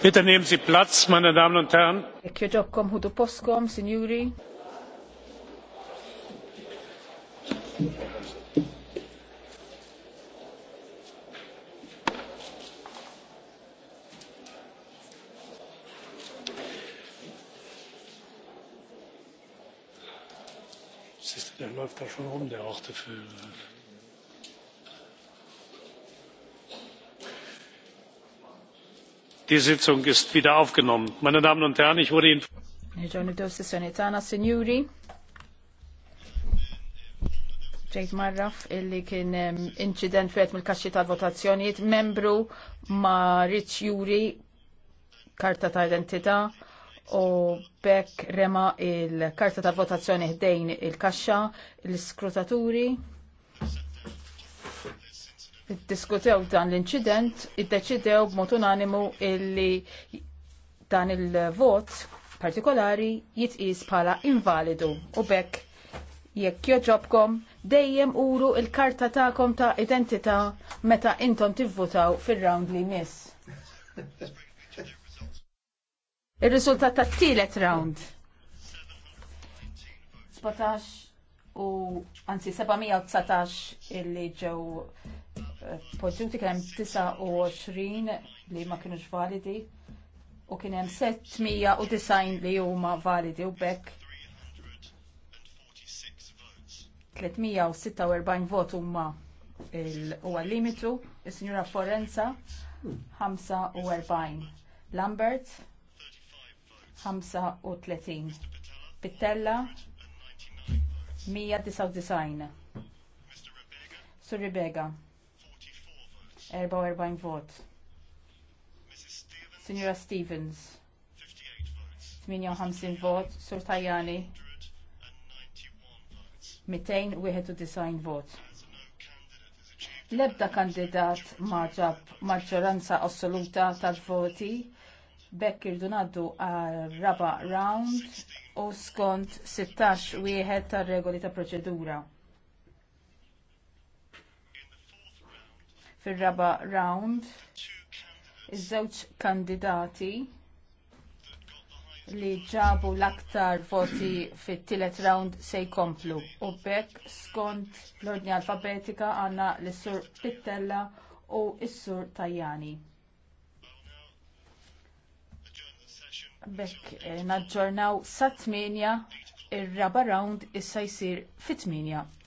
Bitte nehmen Sie Platz, meine Damen und Herren. Kjoġobkom hudu Der läuft da schon rum, der Ortefüller. Die Sitzung ist wieder aufgenommen. Meine Damen und Herren, ich wurde Ihnen. Ġejt marraf illi kien incident fet mill-kaxxi tal-votazzjonijiet membru ma Rich Juri karta ta' identità u bekk rema il-karta tal-votazzjoni ħdejn il-kaxxa l-iskrutaturi. il kaxxa l iskrutaturi diskutew dan l-inċident, iddeċidew b'mod unanimu illi dan il-vot partikolari jitqis bħala invalidu u bekk jekk joġobkom dejjem uru il-karta ta'kom ta' identità meta intom tivvutaw fir-round li miss. Ir-riżultat ta' tielet round. 17 u anzi 719 illi ġew poġġuti kien hemm 29 li ma kienux validi u kien hemm 790 li huma validi u bekk 346 vot huma huwa limitu, is-Sinjura Forenza 45, Lambert 35, Pittella 199, Surribega 44 vot. Signora Stevens, 58 vot. Sur Tajani, 291 vot. L-ebda kandidat maġab maġġoranza assoluta tal-voti Bekir irdu naddu għal raba round u skont 16 wieħed tar-regoli ta' proċedura. fir-raba round iż-żewġ kandidati li ġabu l-aktar voti fit-tielet round se jkomplu. U bekk skont l-ordni alfabetika għandna l-sur Pittella u s-sur Tajani. Bekk eh, naġġornaw sa' 8 ir-raba round issa jsir fit-8.